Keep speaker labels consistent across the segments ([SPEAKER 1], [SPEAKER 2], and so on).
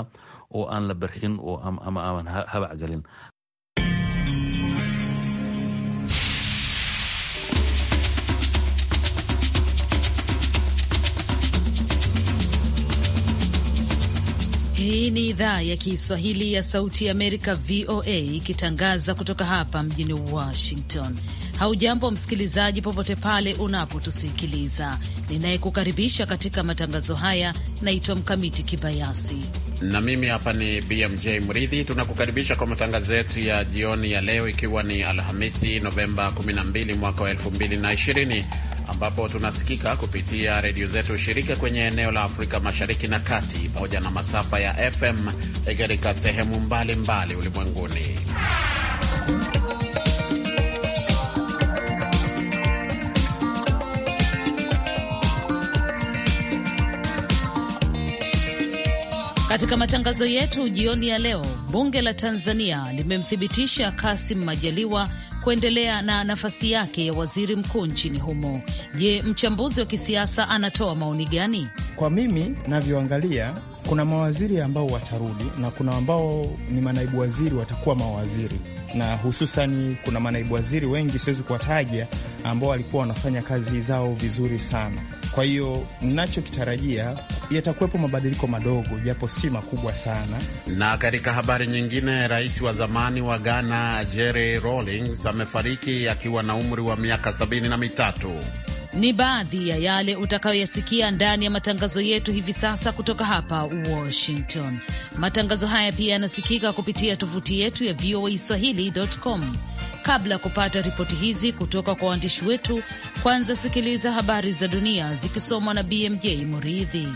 [SPEAKER 1] ahaa oo aan la barxin oo ama aan habac galin.
[SPEAKER 2] Hii ni idhaa ya Kiswahili ya Sauti ya Amerika, VOA, ikitangaza kutoka hapa mjini Washington. Haujambo msikilizaji, popote pale unapotusikiliza. Ninayekukaribisha katika matangazo haya naitwa Mkamiti Kibayasi
[SPEAKER 3] na mimi hapa ni BMJ Mridhi. Tunakukaribisha kwa matangazo yetu ya jioni ya leo, ikiwa ni Alhamisi Novemba 12 mwaka wa 2020 ambapo tunasikika kupitia redio zetu shirika kwenye eneo la Afrika Mashariki na Kati pamoja na masafa ya FM katika sehemu mbalimbali ulimwenguni.
[SPEAKER 2] Katika matangazo yetu jioni ya leo, bunge la Tanzania limemthibitisha Kasim Majaliwa kuendelea na nafasi yake ya waziri mkuu nchini humo. Je, mchambuzi wa kisiasa anatoa maoni gani?
[SPEAKER 4] Kwa mimi navyoangalia, kuna mawaziri ambao watarudi na kuna ambao ni manaibu waziri watakuwa mawaziri, na hususani kuna manaibu waziri wengi, siwezi kuwataja, ambao walikuwa wanafanya kazi zao vizuri sana kwa hiyo nachokitarajia yatakuwepo mabadiliko madogo, japo si makubwa
[SPEAKER 2] sana.
[SPEAKER 3] Na katika habari nyingine, rais wa zamani wa Ghana Jerry Rawlings amefariki akiwa na umri wa miaka sabini na mitatu.
[SPEAKER 2] Ni baadhi ya yale utakayoyasikia ndani ya matangazo yetu hivi sasa kutoka hapa Washington. Matangazo haya pia yanasikika kupitia tovuti yetu ya voa swahilicom Kabla ya kupata ripoti hizi kutoka kwa waandishi wetu, kwanza sikiliza habari za dunia zikisomwa na BMJ Muridhi.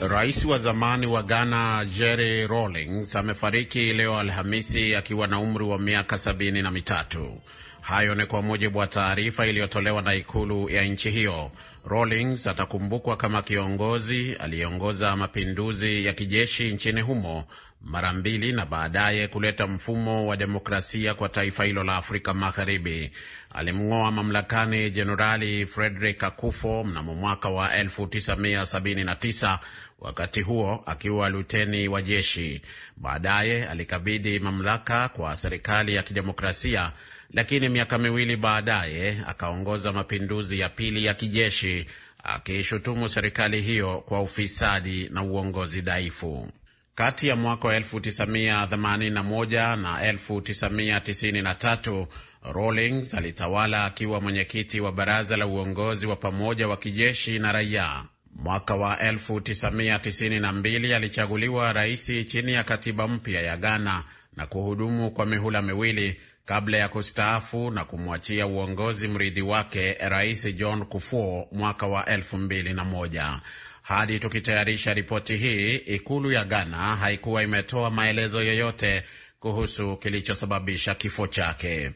[SPEAKER 3] Rais wa zamani wa Ghana Jerry Rawlings amefariki leo Alhamisi akiwa na umri wa miaka sabini na mitatu. Hayo ni kwa mujibu wa taarifa iliyotolewa na ikulu ya nchi hiyo. Rawlings atakumbukwa kama kiongozi aliyeongoza mapinduzi ya kijeshi nchini humo mara mbili na baadaye kuleta mfumo wa demokrasia kwa taifa hilo la Afrika Magharibi. Alimng'oa mamlakani Jenerali Frederick Akufo mnamo mwaka wa 1979 wakati huo akiwa luteni wa jeshi. Baadaye alikabidhi mamlaka kwa serikali ya kidemokrasia, lakini miaka miwili baadaye akaongoza mapinduzi ya pili ya kijeshi, akiishutumu serikali hiyo kwa ufisadi na uongozi dhaifu. Kati ya mwaka wa 1981 na 1993 Rawlings alitawala akiwa mwenyekiti wa baraza la uongozi wa pamoja wa kijeshi na raia. Mwaka wa 1992 alichaguliwa rais chini ya katiba mpya ya Ghana na kuhudumu kwa mihula miwili kabla ya kustaafu na kumwachia uongozi mrithi wake Rais John Kufuor mwaka wa 2001. Hadi tukitayarisha ripoti hii, ikulu ya Ghana haikuwa imetoa maelezo yoyote kuhusu kilichosababisha kifo chake.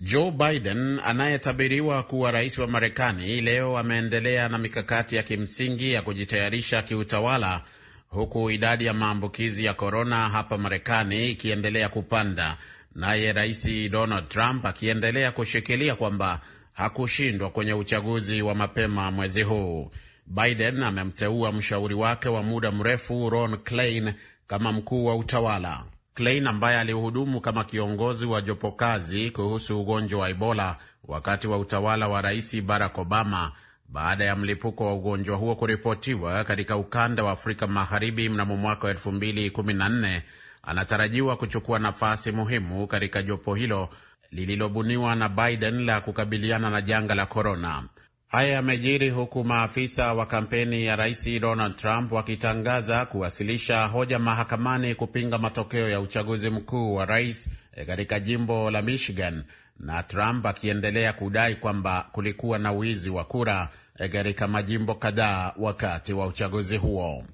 [SPEAKER 3] Joe Biden anayetabiriwa kuwa rais wa Marekani leo ameendelea na mikakati ya kimsingi ya kujitayarisha kiutawala huku idadi ya maambukizi ya korona hapa Marekani ikiendelea kupanda, naye rais Donald Trump akiendelea kushikilia kwamba hakushindwa kwenye uchaguzi wa mapema mwezi huu. Biden amemteua mshauri wake wa muda mrefu Ron Klain kama mkuu wa utawala. Klein ambaye alihudumu kama kiongozi wa jopo kazi kuhusu ugonjwa wa Ebola wakati wa utawala wa Rais Barack Obama baada ya mlipuko wa ugonjwa huo kuripotiwa katika ukanda wa Afrika Magharibi mnamo mwaka wa 2014 anatarajiwa kuchukua nafasi muhimu katika jopo hilo lililobuniwa na Biden la kukabiliana na janga la korona. Haya yamejiri huku maafisa wa kampeni ya rais Donald Trump wakitangaza kuwasilisha hoja mahakamani kupinga matokeo ya uchaguzi mkuu wa rais eh, katika jimbo la Michigan, na Trump akiendelea kudai kwamba kulikuwa na wizi wa kura eh, katika majimbo kadhaa wakati wa uchaguzi huo.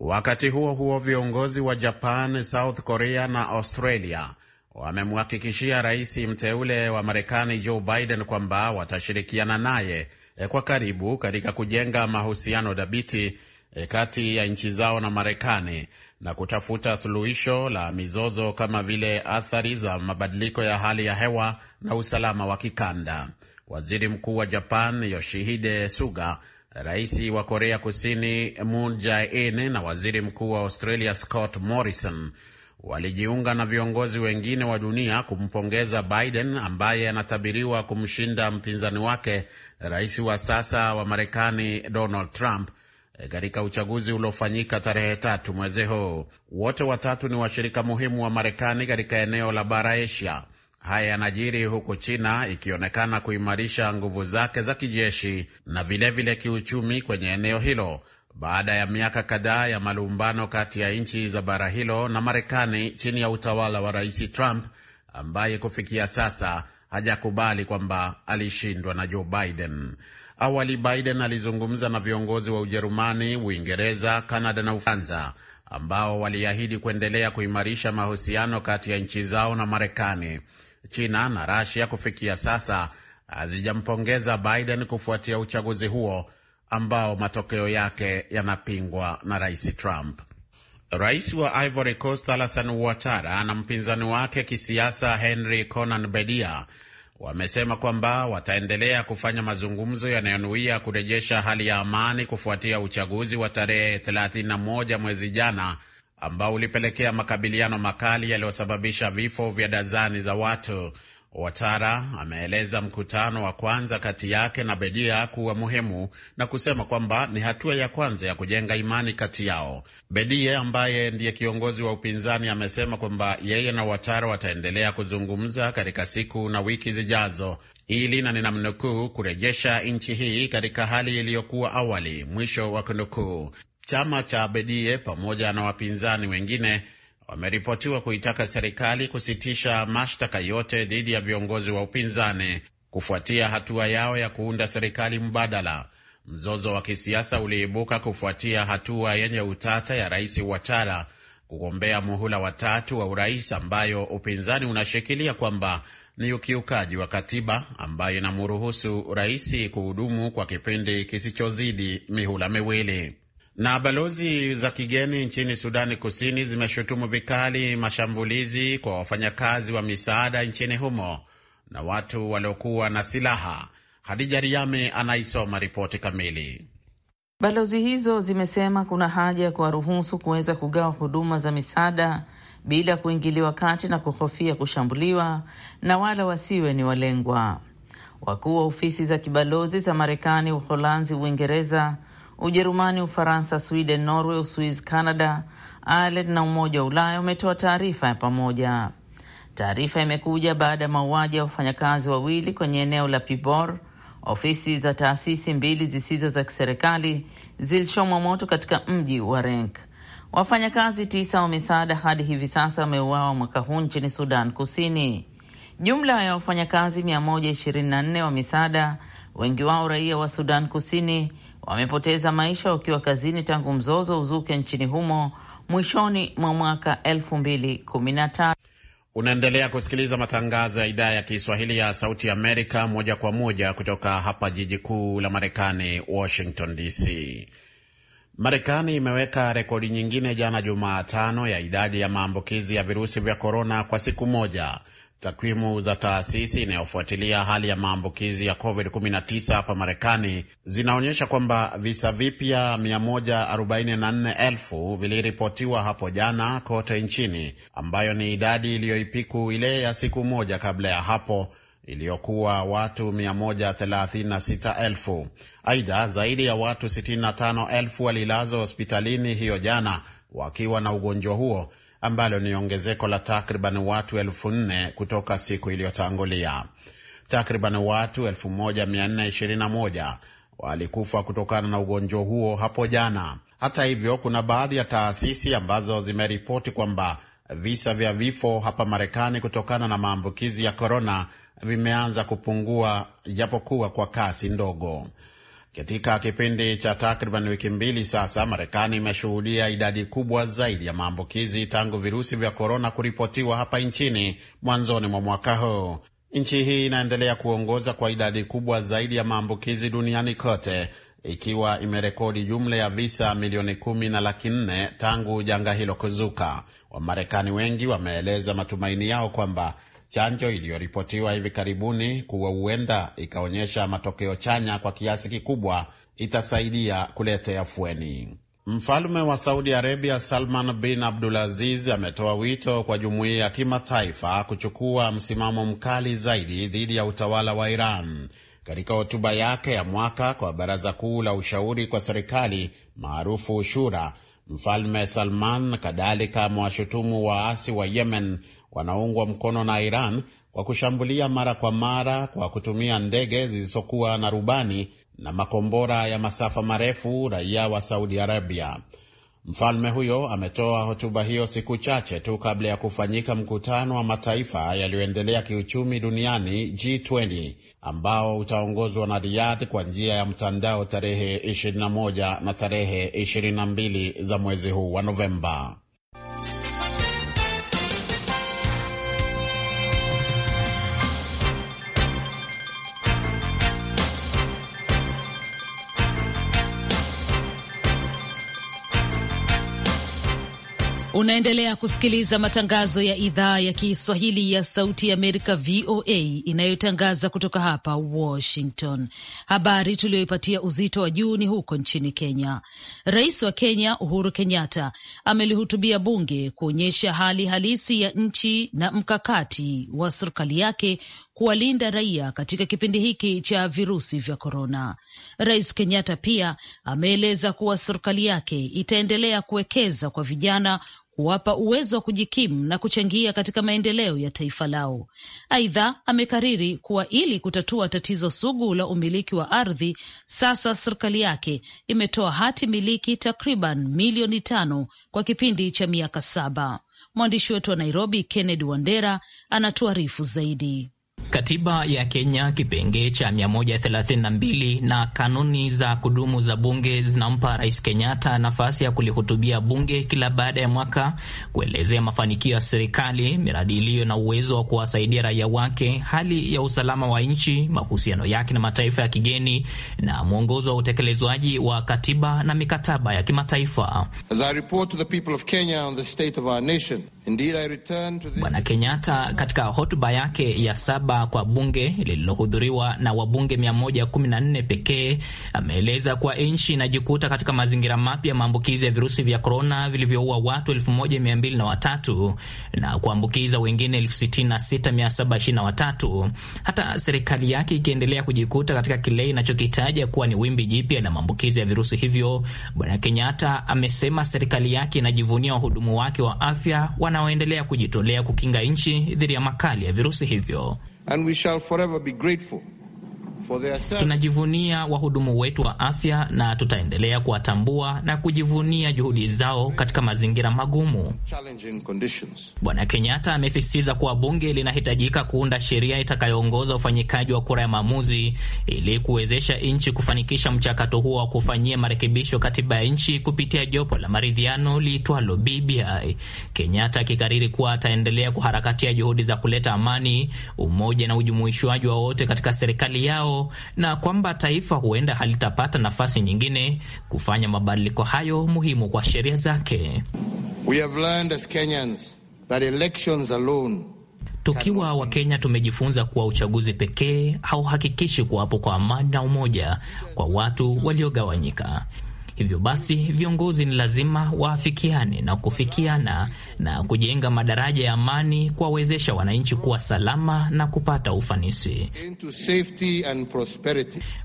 [SPEAKER 3] Wakati huo huo, viongozi wa Japan, South Korea na Australia wamemhakikishia rais mteule wa Marekani Joe Biden kwamba watashirikiana naye Eh, kwa karibu katika kujenga mahusiano dhabiti eh, kati ya nchi zao na Marekani na kutafuta suluhisho la mizozo kama vile athari za mabadiliko ya hali ya hewa na usalama wa kikanda. Waziri Mkuu wa Japan Yoshihide Suga, Rais wa Korea Kusini Moon Jae-in na Waziri Mkuu wa Australia Scott Morrison walijiunga na viongozi wengine wa dunia kumpongeza Biden ambaye anatabiriwa kumshinda mpinzani wake rais wa sasa wa Marekani Donald Trump eh, katika uchaguzi uliofanyika tarehe tatu mwezi huu. Wote watatu ni washirika muhimu wa Marekani katika eneo la bara Asia. Haya yanajiri huku China ikionekana kuimarisha nguvu zake za kijeshi na vilevile vile kiuchumi kwenye eneo hilo baada ya miaka kadhaa ya malumbano kati ya nchi za bara hilo na Marekani chini ya utawala wa Rais Trump ambaye kufikia sasa hajakubali kwamba alishindwa na Joe Biden. Awali Biden alizungumza na viongozi wa Ujerumani, Uingereza, Kanada na Ufaransa ambao waliahidi kuendelea kuimarisha mahusiano kati ya nchi zao na Marekani. China na Rasia kufikia sasa hazijampongeza Biden kufuatia uchaguzi huo ambao matokeo yake yanapingwa na Rais Trump. Rais wa Ivory Coast Alassane Ouattara na mpinzani wake kisiasa Henry Konan Bedia wamesema kwamba wataendelea kufanya mazungumzo yanayonuia kurejesha hali ya amani kufuatia uchaguzi wa tarehe 31 mwezi jana ambao ulipelekea makabiliano makali yaliyosababisha vifo vya dazani za watu Ouattara ameeleza mkutano wa kwanza kati yake na Bedia kuwa muhimu na kusema kwamba ni hatua ya kwanza ya kujenga imani kati yao. Bedia ambaye ndiye kiongozi wa upinzani amesema kwamba yeye na Ouattara wataendelea kuzungumza katika siku na wiki zijazo ili na ninamnukuu, kurejesha nchi hii katika hali iliyokuwa awali, mwisho wa kunukuu. Chama cha Bedie pamoja na wapinzani wengine wameripotiwa kuitaka serikali kusitisha mashtaka yote dhidi ya viongozi wa upinzani kufuatia hatua yao ya kuunda serikali mbadala. Mzozo wa kisiasa uliibuka kufuatia hatua yenye utata ya Rais Watara kugombea muhula watatu wa urais, ambayo upinzani unashikilia kwamba ni ukiukaji wa katiba ambayo inamruhusu rais kuhudumu kwa kipindi kisichozidi mihula miwili. Na balozi za kigeni nchini Sudani Kusini zimeshutumu vikali mashambulizi kwa wafanyakazi wa misaada nchini humo na watu waliokuwa na silaha. Hadija Riame anaisoma ripoti kamili.
[SPEAKER 5] Balozi hizo zimesema kuna haja ya kuwaruhusu kuweza kugawa huduma za misaada bila kuingiliwa kati na kuhofia kushambuliwa na wala wasiwe ni walengwa. Wakuu wa ofisi za kibalozi za Marekani, Uholanzi, Uingereza, Ujerumani, Ufaransa, Sweden, Norway, uswiz Canada, Ireland na Umoja wa Ulaya umetoa taarifa ya pamoja. Taarifa imekuja baada ya mauaji ya wafanyakazi wawili kwenye eneo la Pibor. Ofisi za taasisi mbili zisizo za kiserikali zilichomwa moto katika mji wa Renk. Wafanyakazi tisa wa misaada hadi hivi sasa wameuawa mwaka huu nchini Sudan Kusini. Jumla ya wafanyakazi 124 wa misaada, wengi wao raia wa Sudan Kusini, wamepoteza maisha wakiwa kazini tangu mzozo uzuke nchini humo mwishoni mwa mwaka
[SPEAKER 3] 2013. Unaendelea kusikiliza matangazo ya idhaa ya Kiswahili ya Sauti Amerika moja kwa moja kutoka hapa jiji kuu la Marekani, Washington DC. Marekani imeweka rekodi nyingine jana Jumatano ya idadi ya maambukizi ya virusi vya korona kwa siku moja Takwimu za taasisi inayofuatilia hali ya maambukizi ya COVID-19 hapa Marekani zinaonyesha kwamba visa vipya 144,000 viliripotiwa hapo jana kote nchini, ambayo ni idadi iliyoipiku ile ya siku moja kabla ya hapo iliyokuwa watu 136,000. Aidha, zaidi ya watu 65,000 walilazwa hospitalini hiyo jana wakiwa na ugonjwa huo ambalo ni ongezeko la takriban watu elfu nne kutoka siku iliyotangulia. Takriban watu 1421 walikufa kutokana na ugonjwa huo hapo jana. Hata hivyo, kuna baadhi ya taasisi ambazo zimeripoti kwamba visa vya vifo hapa Marekani kutokana na maambukizi ya korona vimeanza kupungua, japokuwa kwa kasi ndogo. Katika kipindi cha takriban wiki mbili sasa, Marekani imeshuhudia idadi kubwa zaidi ya maambukizi tangu virusi vya korona kuripotiwa hapa nchini mwanzoni mwa mwaka huu. Nchi hii inaendelea kuongoza kwa idadi kubwa zaidi ya maambukizi duniani kote ikiwa imerekodi jumla ya visa milioni kumi na laki nne tangu janga hilo kuzuka. Wamarekani wengi wameeleza matumaini yao kwamba Chanjo iliyoripotiwa hivi karibuni kuwa huenda ikaonyesha matokeo chanya kwa kiasi kikubwa itasaidia kuleta afueni. Mfalme wa Saudi Arabia Salman bin Abdulaziz ametoa wito kwa jumuiya ya kimataifa kuchukua msimamo mkali zaidi dhidi ya utawala wa Iran. Katika hotuba yake ya mwaka kwa Baraza Kuu la Ushauri kwa Serikali maarufu Shura, Mfalme Salman kadhalika amewashutumu waasi wa Yemen wanaungwa mkono na Iran kwa kushambulia mara kwa mara kwa kutumia ndege zisizokuwa na rubani na makombora ya masafa marefu raia wa Saudi Arabia. Mfalme huyo ametoa hotuba hiyo siku chache tu kabla ya kufanyika mkutano wa mataifa yaliyoendelea kiuchumi duniani G20, ambao utaongozwa na Riyadh kwa njia ya mtandao tarehe 21 na tarehe 22 za mwezi huu wa Novemba.
[SPEAKER 2] Unaendelea kusikiliza matangazo ya idhaa ya Kiswahili ya Sauti ya Amerika, VOA, inayotangaza kutoka hapa Washington. Habari tuliyoipatia uzito wa juu ni huko nchini Kenya. Rais wa Kenya Uhuru Kenyatta amelihutubia bunge kuonyesha hali halisi ya nchi na mkakati wa serikali yake kuwalinda raia katika kipindi hiki cha virusi vya korona. Rais Kenyatta pia ameeleza kuwa serikali yake itaendelea kuwekeza kwa vijana kuwapa uwezo wa kujikimu na kuchangia katika maendeleo ya taifa lao. Aidha, amekariri kuwa ili kutatua tatizo sugu la umiliki wa ardhi, sasa serikali yake imetoa hati miliki takriban milioni tano kwa kipindi cha miaka saba. Mwandishi wetu wa Nairobi, Kennedy Wandera, anatuarifu zaidi.
[SPEAKER 6] Katiba ya Kenya kipengee cha 132 na kanuni za kudumu za bunge zinampa Rais Kenyatta nafasi ya kulihutubia bunge kila baada ya mwaka kuelezea mafanikio ya serikali, miradi iliyo na uwezo wa kuwasaidia raia wake, hali ya usalama wa nchi, mahusiano yake na mataifa ya kigeni, na mwongozo wa utekelezwaji wa katiba na mikataba ya kimataifa. As I report to the people of Kenya on the state of our nation Bwana Kenyatta katika hotuba yake ya saba kwa bunge lililohudhuriwa na wabunge 114 pekee ameeleza kuwa nchi inajikuta katika mazingira mapya ya maambukizi ya virusi vya korona vilivyoua watu 1223 na kuambukiza wengine 66723 hata serikali yake ikiendelea kujikuta katika kile inachokitaja kuwa ni wimbi jipya la maambukizi ya virusi hivyo. Bwana Kenyatta amesema serikali yake inajivunia wahudumu wake wa afya wanaoendelea kujitolea kukinga nchi dhidi ya makali ya virusi hivyo. And we shall forever be grateful Tunajivunia wahudumu wetu wa afya na tutaendelea kuwatambua na kujivunia juhudi zao katika mazingira magumu. Bwana Kenyatta amesisitiza kuwa bunge linahitajika kuunda sheria itakayoongoza ufanyikaji wa kura ya maamuzi ili kuwezesha nchi kufanikisha mchakato huo wa kufanyia marekebisho katiba ya nchi kupitia jopo la maridhiano liitwalo BBI. Kenyatta akikariri kuwa ataendelea kuharakatia juhudi za kuleta amani, umoja na ujumuishwaji wa wote katika serikali yao na kwamba taifa huenda halitapata nafasi nyingine kufanya mabadiliko hayo muhimu kwa sheria zake. We have learned as Kenyans that elections alone Tukiwa Wakenya tumejifunza kuwa uchaguzi pekee hauhakikishi kuwapo kwa amani na umoja kwa watu waliogawanyika. Hivyo basi viongozi ni lazima waafikiane na kufikiana na kujenga madaraja ya amani, kuwawezesha wananchi kuwa salama na kupata ufanisi.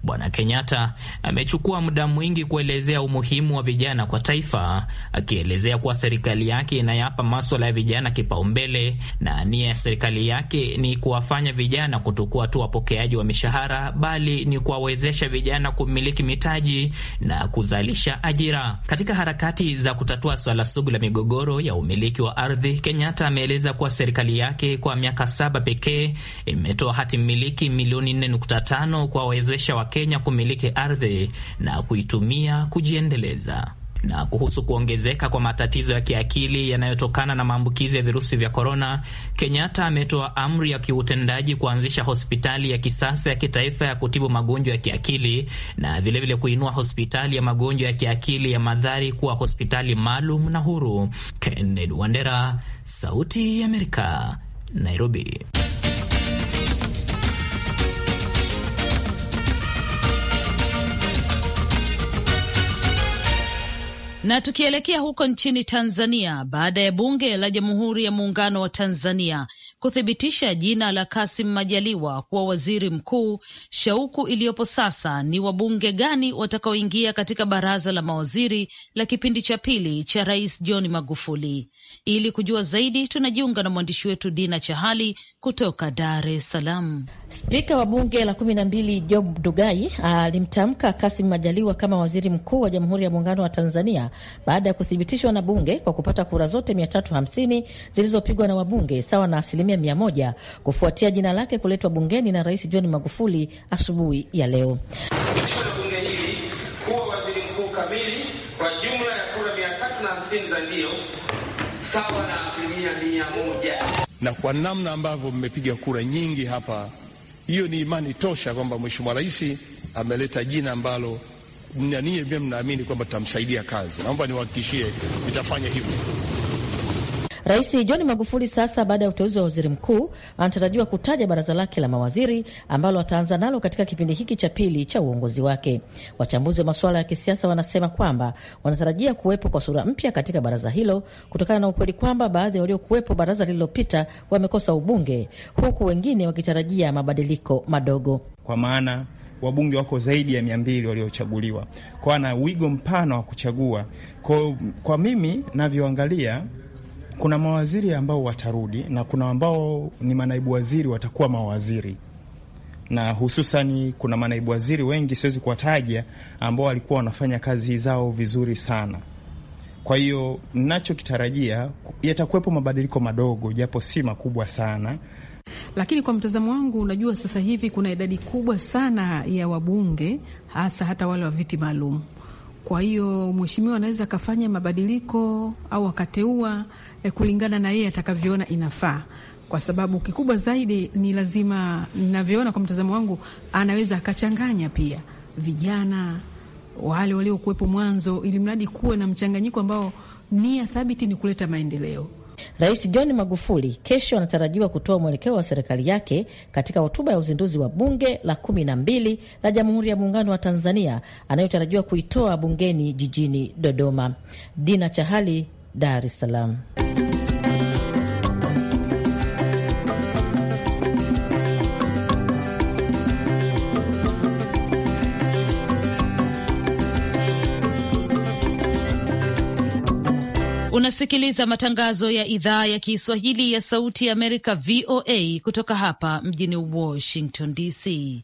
[SPEAKER 6] Bwana Kenyatta amechukua muda mwingi kuelezea umuhimu wa vijana kwa taifa, akielezea kuwa serikali yake inayapa maswala ya vijana kipaumbele na nia ya serikali yake ni kuwafanya vijana kutokuwa tu wapokeaji wa mishahara, bali ni kuwawezesha vijana kumiliki mitaji na kuzalisha kuzalisha ajira. Katika harakati za kutatua swala sugu la migogoro ya umiliki wa ardhi, Kenyatta ameeleza kuwa serikali yake kwa miaka saba pekee imetoa hati miliki milioni 4.5 kuwawezesha Wakenya kumiliki ardhi na kuitumia kujiendeleza na kuhusu kuongezeka kwa matatizo ya kiakili yanayotokana na maambukizi ya virusi vya korona, Kenyatta ametoa amri ya kiutendaji kuanzisha hospitali ya kisasa ya kitaifa ya kutibu magonjwa ya kiakili na vilevile vile kuinua hospitali ya magonjwa ya kiakili ya Madhari kuwa hospitali maalum na huru. Kennedy Wandera, Sauti ya Amerika, Nairobi.
[SPEAKER 2] Na tukielekea huko nchini Tanzania, baada ya bunge la Jamhuri ya Muungano wa Tanzania kuthibitisha jina la Kasim Majaliwa kuwa waziri mkuu, shauku iliyopo sasa ni wabunge gani watakaoingia katika baraza la mawaziri la kipindi cha pili cha Rais John Magufuli. Ili kujua zaidi, tunajiunga na mwandishi wetu Dina Chahali kutoka Dar es Salaam. Spika wa bunge la
[SPEAKER 7] kumi na mbili Job Dugai alimtamka Kasim Majaliwa kama waziri mkuu wa Jamhuri ya Muungano wa Tanzania baada ya kuthibitishwa na bunge kwa kupata kura zote 350 zilizopigwa na wabunge sawa na asilimia asilimia mia moja kufuatia jina lake kuletwa bungeni na Rais John Magufuli asubuhi ya leo.
[SPEAKER 3] Sawa na
[SPEAKER 4] Na kwa namna ambavyo mmepiga kura nyingi hapa, hiyo ni imani tosha kwamba Mheshimiwa Rais ameleta jina ambalo nanie mnaamini kwamba tutamsaidia kazi. Naomba niwahakikishie nitafanya hivyo.
[SPEAKER 7] Rais John Magufuli sasa baada ya uteuzi wa waziri mkuu anatarajiwa kutaja baraza lake la mawaziri ambalo ataanza nalo katika kipindi hiki cha pili cha uongozi wake. Wachambuzi wa masuala ya kisiasa wanasema kwamba wanatarajia kuwepo kwa sura mpya katika baraza hilo kutokana na ukweli kwamba baadhi ya waliokuwepo baraza lililopita wamekosa ubunge, huku wengine wakitarajia mabadiliko madogo,
[SPEAKER 4] kwa maana wabunge wako zaidi ya mia mbili waliochaguliwa, kwa ana wigo mpana wa kuchagua. Kwa, kwa mimi navyoangalia kuna mawaziri ambao watarudi na kuna ambao ni manaibu waziri watakuwa mawaziri, na hususani kuna manaibu waziri wengi siwezi kuwataja, ambao walikuwa wanafanya kazi zao vizuri sana. Kwa hiyo nachokitarajia, yatakuwepo mabadiliko madogo, japo si makubwa sana
[SPEAKER 1] lakini kwa mtazamo wangu, unajua sasa hivi kuna idadi kubwa sana ya wabunge, hasa hata wale wa viti maalum kwa hiyo mheshimiwa anaweza akafanya mabadiliko au akateua eh, kulingana na yeye atakavyoona inafaa, kwa sababu kikubwa zaidi ni lazima, navyoona kwa mtazamo wangu, anaweza akachanganya pia vijana wale waliokuwepo mwanzo, ili mradi kuwe na mchanganyiko ambao nia thabiti ni kuleta maendeleo.
[SPEAKER 7] Rais John Magufuli kesho anatarajiwa kutoa mwelekeo wa serikali yake katika hotuba ya uzinduzi wa bunge la kumi na mbili la Jamhuri ya Muungano wa Tanzania anayotarajiwa kuitoa bungeni jijini Dodoma. Dina Chahali, Dar es Salaam.
[SPEAKER 2] Unasikiliza matangazo ya idhaa ya Kiswahili ya Sauti ya Amerika, VOA, kutoka hapa mjini Washington DC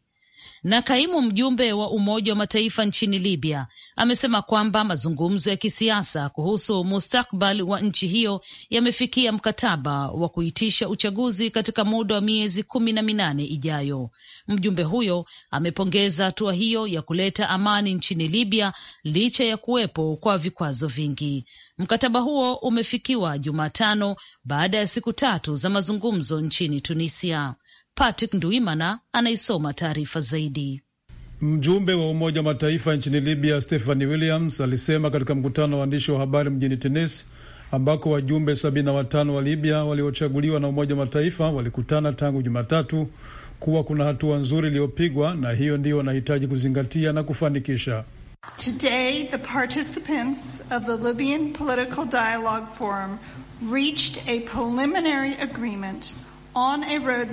[SPEAKER 2] na kaimu mjumbe wa Umoja wa Mataifa nchini Libya amesema kwamba mazungumzo ya kisiasa kuhusu mustakbali wa nchi hiyo yamefikia mkataba wa kuitisha uchaguzi katika muda wa miezi kumi na minane ijayo. Mjumbe huyo amepongeza hatua hiyo ya kuleta amani nchini Libya licha ya kuwepo kwa vikwazo vingi. Mkataba huo umefikiwa Jumatano baada ya siku tatu za mazungumzo nchini Tunisia. Patrick Nduimana anaisoma taarifa
[SPEAKER 8] zaidi. Mjumbe wa Umoja wa Mataifa nchini Libya Stephanie Williams alisema katika mkutano wa waandishi wa habari mjini Tunis ambako wajumbe sabini na watano wa Libya waliochaguliwa na Umoja wa Mataifa walikutana tangu Jumatatu kuwa kuna hatua nzuri iliyopigwa na hiyo ndiyo wanahitaji kuzingatia na kufanikisha.
[SPEAKER 2] Today, the participants of the Libyan Political Dialogue Forum reached a preliminary
[SPEAKER 1] agreement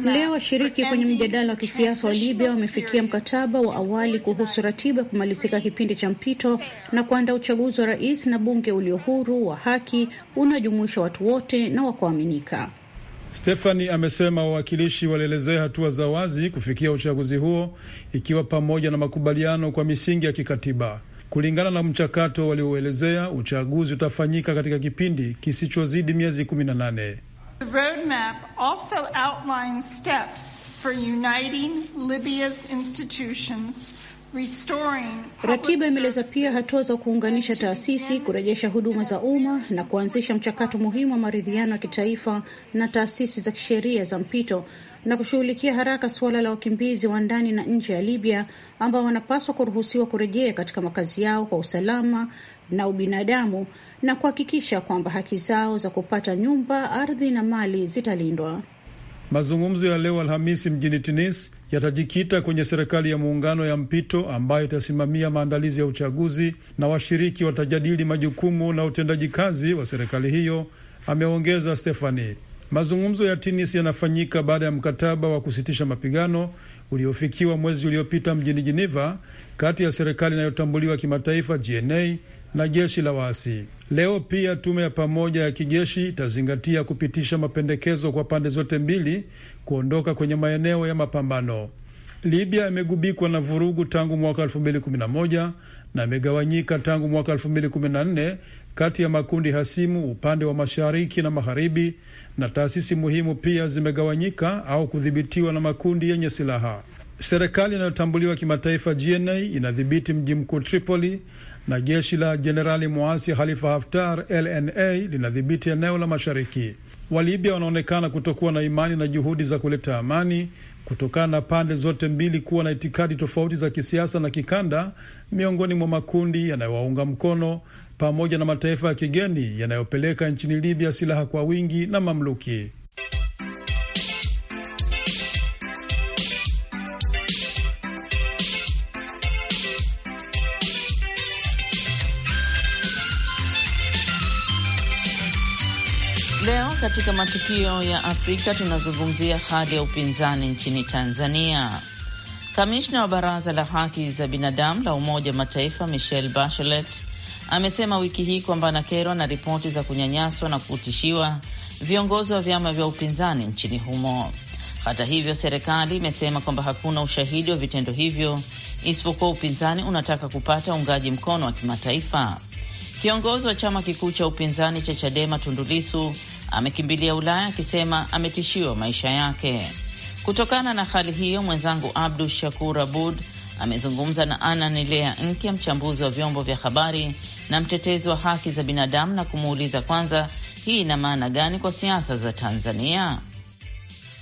[SPEAKER 1] Leo
[SPEAKER 7] washiriki kwenye mjadala wa kisiasa wa Libya wamefikia mkataba wa awali kuhusu ratiba ya kumalizika kipindi cha mpito na kuandaa uchaguzi wa rais na bunge ulio huru wa haki, unaojumuisha watu wote na wa kuaminika.
[SPEAKER 8] Stefani amesema wawakilishi walielezea hatua za wazi kufikia uchaguzi huo, ikiwa pamoja na makubaliano kwa misingi ya kikatiba. Kulingana na mchakato waliouelezea, uchaguzi utafanyika katika kipindi kisichozidi miezi kumi na nane.
[SPEAKER 5] The
[SPEAKER 1] roadmap also outlines steps for uniting Libya's
[SPEAKER 5] institutions
[SPEAKER 7] Ratiba imeeleza pia hatua za kuunganisha taasisi, kurejesha huduma za umma na kuanzisha mchakato muhimu wa maridhiano ya kitaifa na taasisi za kisheria za mpito na kushughulikia haraka suala la wakimbizi wa ndani na nje ya Libya ambao wanapaswa kuruhusiwa kurejea katika makazi yao kwa usalama na ubinadamu na kuhakikisha kwamba haki zao za kupata nyumba, ardhi na mali zitalindwa.
[SPEAKER 8] Mazungumzo ya leo Alhamisi mjini Tunis yatajikita kwenye serikali ya muungano ya mpito ambayo itasimamia maandalizi ya uchaguzi na washiriki watajadili majukumu na utendaji kazi wa serikali hiyo, ameongeza Stefani. Mazungumzo ya Tunis yanafanyika baada ya mkataba wa kusitisha mapigano uliofikiwa mwezi uliopita mjini Geneva kati ya serikali inayotambuliwa kimataifa GNA na jeshi la waasi. Leo pia tume ya pamoja ya kijeshi itazingatia kupitisha mapendekezo kwa pande zote mbili kuondoka kwenye maeneo ya mapambano. Libya imegubikwa na vurugu tangu mwaka 2011 na imegawanyika tangu mwaka 2014 kati ya makundi hasimu upande wa mashariki na magharibi, na taasisi muhimu pia zimegawanyika au kudhibitiwa na makundi yenye silaha. Serikali inayotambuliwa kimataifa GNA inadhibiti mji mkuu Tripoli na jeshi la jenerali muasi Khalifa Haftar LNA linadhibiti eneo la mashariki. Walibya wanaonekana kutokuwa na imani na juhudi za kuleta amani kutokana na pande zote mbili kuwa na itikadi tofauti za kisiasa na kikanda miongoni mwa makundi yanayowaunga mkono pamoja na mataifa ya kigeni yanayopeleka nchini Libya silaha kwa wingi na mamluki.
[SPEAKER 5] katika matukio ya Afrika tunazungumzia hali ya upinzani nchini Tanzania. Kamishna wa baraza la haki za binadamu la Umoja wa Mataifa Michelle Bachelet amesema wiki hii kwamba anakerwa na ripoti za kunyanyaswa na kutishiwa viongozi wa vyama vya upinzani nchini humo. Hata hivyo, serikali imesema kwamba hakuna ushahidi wa vitendo hivyo, isipokuwa upinzani unataka kupata uungaji mkono wa kimataifa. Kiongozi wa chama kikuu cha upinzani cha Chadema Tundulisu amekimbilia Ulaya akisema ametishiwa maisha yake. Kutokana na hali hiyo, mwenzangu Abdu Shakur Abud amezungumza na Ana Nilea Nke, mchambuzi wa vyombo vya habari na mtetezi wa haki za binadamu, na kumuuliza kwanza, hii ina maana gani kwa siasa za Tanzania?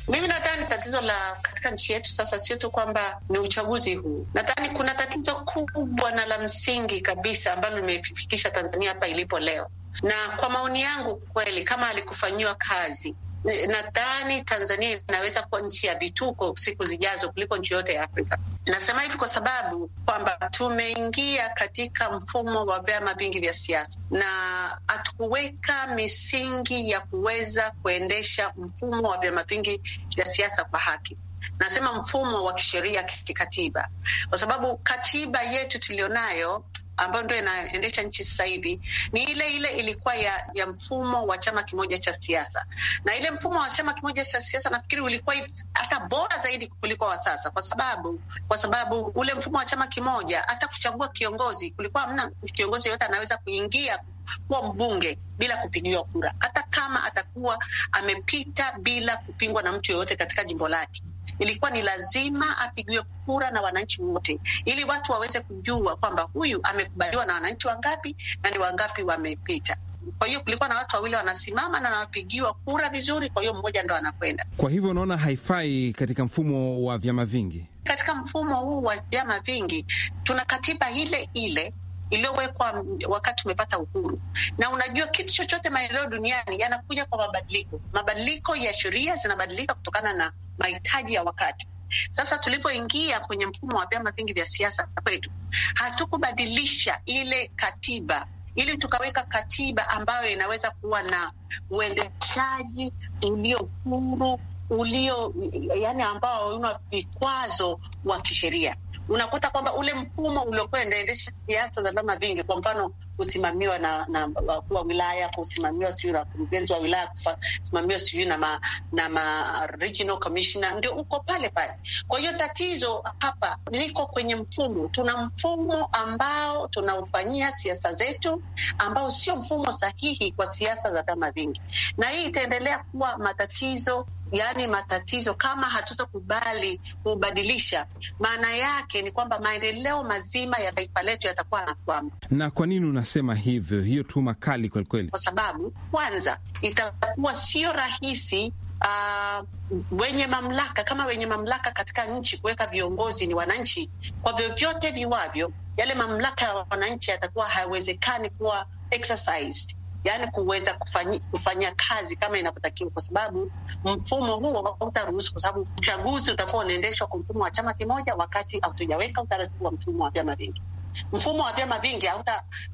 [SPEAKER 1] Mimi nadhani tatizo la katika nchi yetu sasa sio tu kwamba ni uchaguzi huu, nadhani kuna tatizo kubwa na la msingi kabisa ambalo limefikisha Tanzania hapa ilipo leo, na kwa maoni yangu kweli, kama alikufanyiwa kazi, nadhani Tanzania inaweza kuwa nchi ya vituko siku zijazo kuliko nchi yote ya Afrika. Nasema hivi kwa sababu kwamba tumeingia katika mfumo wa vyama vingi vya siasa na hatukuweka misingi ya kuweza kuendesha mfumo wa vyama vingi vya siasa kwa haki. Nasema mfumo wa kisheria kikatiba, kwa sababu katiba yetu tuliyonayo ambayo ndo inaendesha nchi sasa hivi ni ile ile ilikuwa ya, ya mfumo wa chama kimoja cha siasa, na ile mfumo wa chama kimoja cha siasa nafikiri ulikuwa hata bora zaidi kuliko wa sasa, kwa sababu kwa sababu ule mfumo wa chama kimoja, hata kuchagua kiongozi kulikuwa hamna kiongozi yoyote anaweza kuingia kuwa mbunge bila kupigiwa kura, hata kama atakuwa amepita bila kupingwa na mtu yoyote katika jimbo lake ilikuwa ni lazima apigiwe kura na wananchi wote, ili watu waweze kujua kwamba huyu amekubaliwa na wananchi wangapi na ni wangapi wamepita. Kwa hiyo kulikuwa na watu wawili wanasimama na wanapigiwa kura vizuri, kwa hiyo mmoja ndo anakwenda.
[SPEAKER 4] Kwa hivyo unaona haifai katika mfumo wa vyama vingi.
[SPEAKER 1] Katika mfumo huu wa vyama vingi tuna katiba ile ile iliyowekwa wakati umepata uhuru. Na unajua kitu chochote, maendeleo duniani yanakuja kwa mabadiliko. Mabadiliko ya sheria zinabadilika kutokana na mahitaji ya wakati. Sasa tulivyoingia kwenye mfumo wa vyama vingi vya siasa kwetu, hatukubadilisha ile katiba ili tukaweka katiba ambayo inaweza kuwa na uendeshaji ulio huru ulio, yani ambao una vikwazo wa kisheria unakuta kwamba ule mfumo uliokuwa endaendesha siasa za vyama vingi, kwa mfano kusimamiwa na na wakuu wa wilaya, kusimamiwa sijui na mkurugenzi wa wilaya, kusimamiwa sijui na ma, na ma regional commissioner, ndio uko pale pale. Kwa hiyo tatizo hapa liko kwenye mfumo. Tuna mfumo ambao tunaufanyia siasa zetu ambao sio mfumo sahihi kwa siasa za vyama vingi, na hii itaendelea kuwa matatizo yani matatizo kama hatutakubali kubadilisha, maana yake ni kwamba maendeleo mazima ya taifa letu yatakuwa yanakwama.
[SPEAKER 4] Na kwa nini unasema hivyo? Hiyo tu makali kwelikweli, kwa
[SPEAKER 1] sababu kwanza itakuwa sio rahisi Uh, wenye mamlaka kama wenye mamlaka katika nchi kuweka viongozi ni wananchi. Kwa vyovyote viwavyo, yale mamlaka ya wananchi yatakuwa hayawezekani kuwa exercised yani kuweza kufanyi, kufanya kazi kama inavyotakiwa, kwa sababu mfumo huo hautaruhusu, kwa sababu uchaguzi utakuwa unaendeshwa kwa mfumo wa chama kimoja, wakati hatujaweka utaratibu wa mfumo wa vyama vingi. Mfumo wa vyama vingi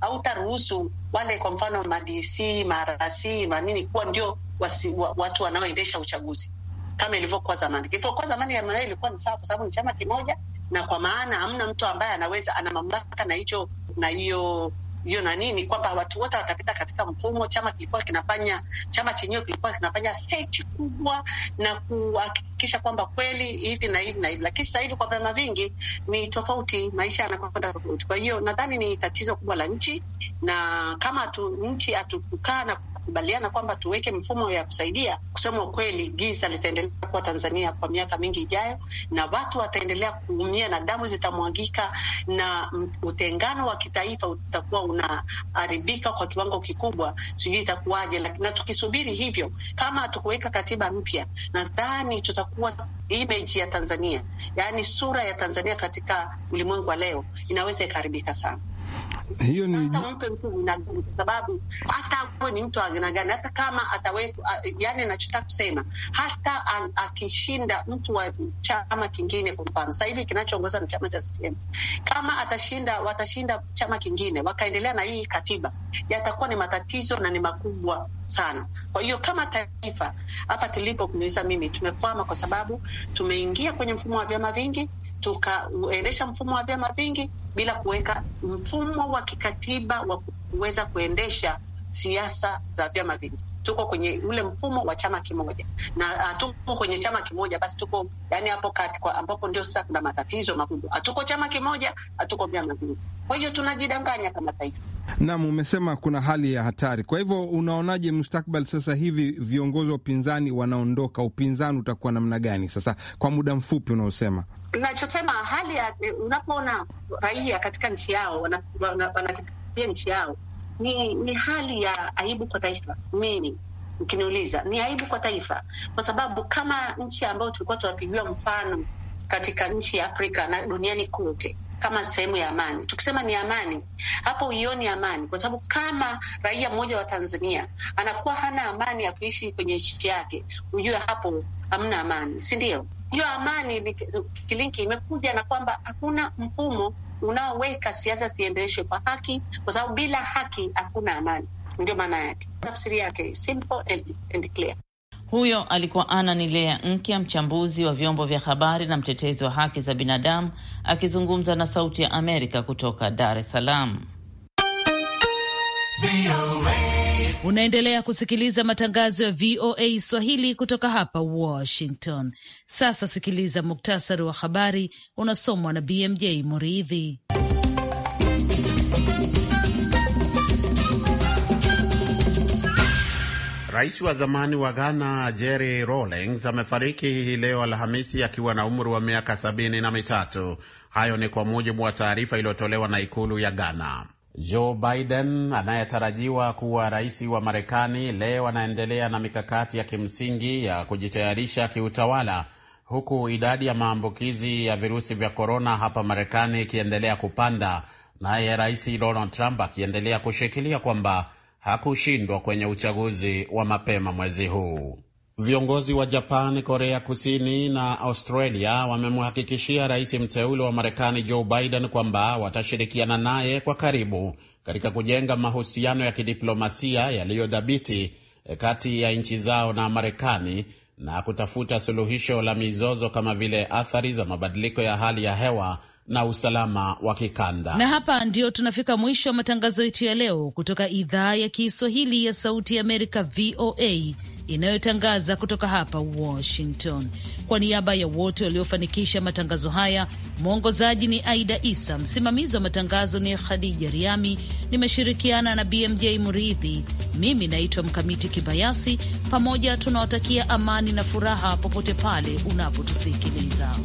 [SPEAKER 1] hautaruhusu wale, kwa mfano madc marasi manini, kuwa ndio wasi, wa, watu wanaoendesha uchaguzi kama ilivyokuwa zamani. Ilivyokuwa zamani ya ilikuwa ni sawa, kwa sababu ni chama kimoja, na kwa maana hamna mtu ambaye anaweza ana mamlaka na hicho na hiyo hiyo na nini, kwamba watu wote watapita katika mfumo. Chama kilikuwa kinafanya, chama chenyewe kilikuwa kinafanya sechi kubwa na kuhakikisha kwamba kweli hivi na hivi na hivi, lakini sasa hivi kwa vyama vingi ni tofauti, maisha yanakwenda tofauti. Kwa hiyo nadhani ni tatizo kubwa la nchi, na kama tu, nchi hatukukaa na tumekubaliana kwamba tuweke mfumo ya kusaidia. Kusema ukweli, giza litaendelea kuwa Tanzania kwa miaka mingi ijayo, na watu wataendelea kuumia na damu zitamwagika, na utengano wa kitaifa utakuwa unaharibika kwa kiwango kikubwa. Sijui itakuwaje, na tukisubiri hivyo, kama hatukuweka katiba mpya, nadhani tutakuwa image ya Tanzania, yaani sura ya Tanzania katika ulimwengu wa leo inaweza ikaharibika sana
[SPEAKER 5] hiyo ni mpe
[SPEAKER 1] mtu kwa sababu hata awe ni mtu aina gani, hata kama atawekwa, yani nachotaka kusema hata akishinda mtu wa chama kingine, kwa mfano sasa hivi kinachoongoza ni chama cha CCM, kama atashinda, watashinda chama kingine, wakaendelea na hii katiba, yatakuwa ni matatizo na ni makubwa sana. Kwa hiyo kama taifa hapa tulipo, kuniuliza mimi, tumekwama kwa sababu tumeingia kwenye mfumo wa vyama vingi, tukaendesha mfumo wa vyama vingi bila kuweka mfumo wa kikatiba wa kuweza kuendesha siasa za vyama vingi tuko kwenye ule mfumo wa chama kimoja na hatuko ah, kwenye chama kimoja basi tuko yani hapo kati kwa ambapo ndio sasa kuna matatizo makubwa. Hatuko chama kimoja, hatuko vyama vingi, kwa hiyo tunajidanganya kama taifa.
[SPEAKER 4] Naam, umesema kuna hali ya hatari. Kwa hivyo unaonaje mustakbali sasa hivi, viongozi wa upinzani wanaondoka, upinzani utakuwa namna gani sasa kwa muda mfupi unaosema?
[SPEAKER 1] Nachosema hali ya eh, unapoona raia katika nchi yao wanakimbia wana, wana, nchi yao ni, ni hali ya aibu kwa taifa. Mimi ukiniuliza, ni aibu kwa taifa, kwa sababu kama nchi ambayo tulikuwa tunapigiwa mfano katika nchi ya Afrika na duniani kote kama sehemu ya amani. Tukisema ni amani, hapo uioni amani, kwa sababu kama raia mmoja wa Tanzania anakuwa hana amani ya kuishi kwenye nchi yake, hujue hapo hamna amani, si ndio? Hiyo amani ni kilinki imekuja na kwamba hakuna mfumo unaoweka siasa ziendeleshwe kwa haki, kwa sababu bila haki hakuna amani. Ndio maana yake, tafsiri yake simple and clear.
[SPEAKER 5] Huyo alikuwa Ana Nilea Nkya, mchambuzi wa vyombo vya habari na mtetezi wa haki za binadamu, akizungumza na Sauti ya Amerika kutoka Dar es Salaam.
[SPEAKER 2] Unaendelea kusikiliza matangazo ya VOA Swahili kutoka hapa Washington. Sasa sikiliza muktasari wa habari unasomwa na BMJ Muridhi.
[SPEAKER 3] Rais wa zamani wa Ghana Jerry Rawlings amefariki hii leo Alhamisi akiwa na umri wa miaka sabini na mitatu. Hayo ni kwa mujibu wa taarifa iliyotolewa na ikulu ya Ghana. Joe Biden anayetarajiwa kuwa rais wa Marekani leo anaendelea na mikakati ya kimsingi ya kujitayarisha kiutawala huku idadi ya maambukizi ya virusi vya korona hapa Marekani ikiendelea kupanda, naye rais Donald Trump akiendelea kushikilia kwamba hakushindwa kwenye uchaguzi wa mapema mwezi huu. Viongozi wa Japan, Korea Kusini na Australia wamemhakikishia rais mteule wa Marekani Joe Biden kwamba watashirikiana naye kwa karibu katika kujenga mahusiano ya kidiplomasia yaliyodhabiti eh, kati ya nchi zao na Marekani na kutafuta suluhisho la mizozo kama vile athari za mabadiliko ya hali ya hewa na usalama wa kikanda.
[SPEAKER 2] Na hapa ndio tunafika mwisho wa matangazo yetu ya leo kutoka idhaa ya Kiswahili ya Sauti ya Amerika, VOA, inayotangaza kutoka hapa Washington. Kwa niaba ya wote waliofanikisha matangazo haya, mwongozaji ni Aida Isa, msimamizi wa matangazo ni Khadija Riami, nimeshirikiana na BMJ Muridhi. Mimi naitwa Mkamiti Kibayasi. Pamoja tunawatakia amani na furaha popote pale unapotusikiliza.